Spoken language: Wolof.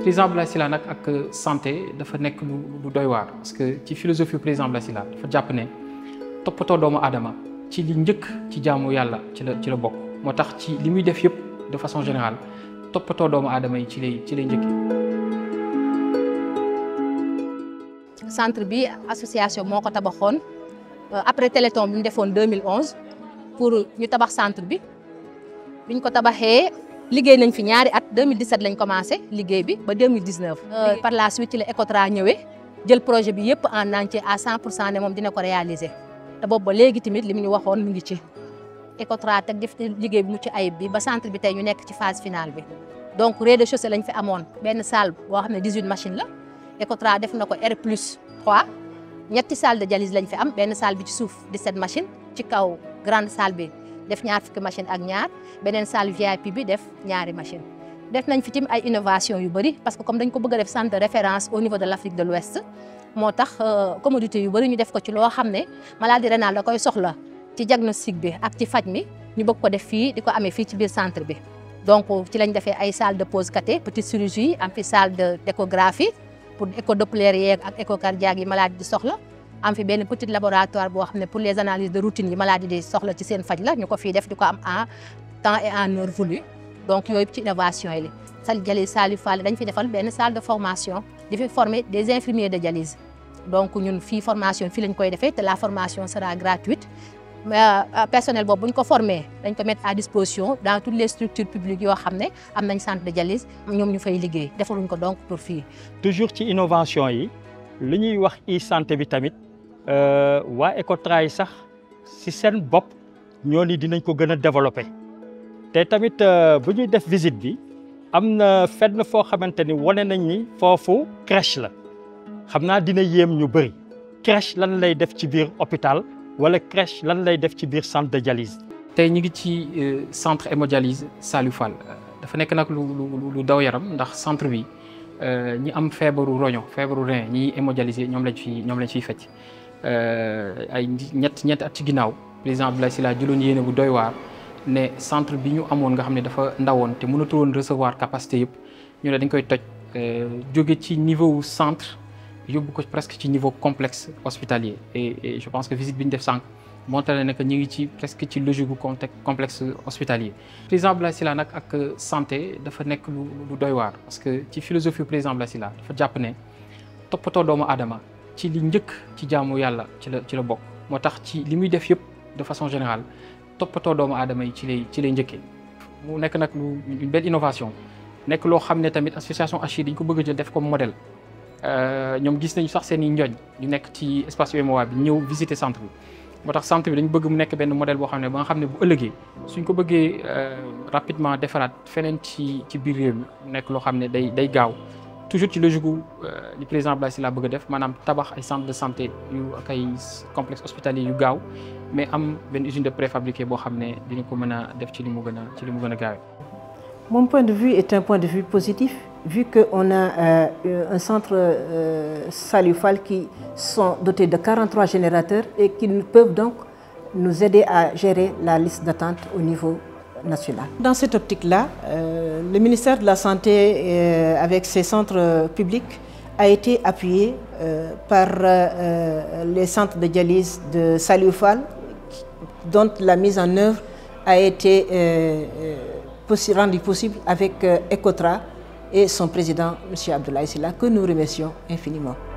président Abdoulaye Sylla nag ak euh, santé dafa nek lu lu doy war parce que ci philosophie président Abdoulaye Sylla dafa japp ne toppatoo doomu adama ci li ñeuk ci jaamu yalla ci la ci la bokk motax ci limuy def yëpp de façon générale toppatoo doomu adama yi ci lay ci lay ñeuk centre bi association moko tabaxone euh, après téléthon bi mu defoon 2011 pour ñu tabax centre bi biñ ko tabaxé liggéey nañ fi ñaari at 2017 lañ commencé liggéey bi ba 2019. Euh, par la suite ci la Ecotra ñëwé jël projet bi yépp en entier à 100 né mom dina ko réaliser te bobu ba léegi tamit li ñu waxon mu ngi ci. Ecotra teg def liggéey bi mu ci ayib bi ba centre bi tay ñu nekk ci phase finale bi donc rez-de-chaussée lañ fi amone benn salle bo xamné 18 machines la Ecotra def nako ko R plus 3 ñetti salle de dialyse lañ fi am benn salle bi ci souf 17 machines ci kaw grande salle bi def ñaar fukki machine ak ñaar beneen salle VIP bi def ñaari machine def nañ fi tim ay innovation yu bari parce que comme dañ ko bëgg a def centre de référence au niveau de l' Afrique de l'Ouest moo tax euh, commodité yu bari ñu def ko ci loo xam ne maladie rénale da koy soxla ci diagnostic bi ak ci faj mi ñu bëgg ko def fii di ko amee fii ci biir centre bi donc ci lañ defee ay salle de pose caté, petite chirurgie am fi salle de échographie, pour écho doppler yeeg ak écho cardiaque yi maladie di soxla am fi benn petit laboratoire pour les analyses de routine yi maladie di soxla ci seen faj la ñu ko def am temps et en heure voulu. donc une ci innovation yi sal dialyse Salif Fall dañ fi defal salle de formation di fi former des infirmiers de dialyse donc ñun fii formation fii lañ koy defee la formation sera gratuite euh, personnel boobu ko formé dañ ko mettre à disposition dans toutes les structures publiques yoo xam ne am nañ centre de dialyse ñoom ñu fay liggéey defaluñ ko donc pour fii. toujours ci innovation yi li ñuy wax santé bi euh, Wa, Ecotra yi sax ci sen bop ñoni dinañ ko gëna développer té tamit euh, buñu def visite bi am na fenn foo xamante ni nañ ni fofu crèche la xamna dina yem ñu bëri crèche lan lay def ci bir hôpital wala crèche lan lay def ci bir centre de dialyse. tey ñi ngi ci euh, centre hémodialyse salufal. Fall dafa nek nak lu lu daw yaram ndax centre bi ñi am feebaru roño fièvre rein ñi hémodialysé ñom lañ fi ñom lañ fi fecc euh, ay ñett ñetti at ci ginnaaw président Abdoulaye Sylla jëloon yéene bu doy war né centre bi ñu amoon nga xamné dafa ndawone té mënatul woon recevoir capacité yépp ñu ne dañ koy toj euh, jóge ci niveau centre yobbu ko presque ci niveau complexe hospitalier et, je pense que visite biñ def sank montre na ne que ñu ngi ci presque ci logique gu complexe hospitalier. président Abdoulaye Sylla nak ak santé dafa nek lu doy war parce que ci philosophie président Abdoulaye Sylla dafa jàpp ne toppatoo doomu aadama ci li njëkk ci jaamu yalla ci la ci la bok moo tax ci limuy def yëpp de façon générale toppatoo doomu aadama yi ci lay ci lay njëkkee mu nekk nak lu une belle innovation nekk lo xam tamit association achi dañ ko bëgg jël def comme modèle euh ñom gis nañu sax seen i ñu nekk ci espace UMOA bi ñëw visiter centre bi moo tax centre bi dañu bëgg mu nekk ben modèle bo xam ba nga xam ne bu ëllëgee suñ ko bëggee euh, rapidement defaraat fenen ci ci biir réew mi nekk lo xam day day gaaw toujours ci logique euh li président Abdoulaye la bëgg a def manam tabax ay centre de santé yu ak complexe hospitalier yu mais am une usine de préfabriqué bo xamné ne ko mëna def ci Mon point de vue est un point de vue positif, vu qu'on a euh, un centre euh, salufal qui sont dotés de 43 générateurs et qui peuvent donc nous aider à gérer la liste d'attente au niveau dans cette optique-là, euh, le ministère de la Santé, euh, avec ses centres publics, a été appuyé euh, par les centres de dialyse de Salioufal, dont la mise en œuvre a été rendue possible avec ECOTRA et son président, M. Abdoulaye Silla, que nous remercions infiniment.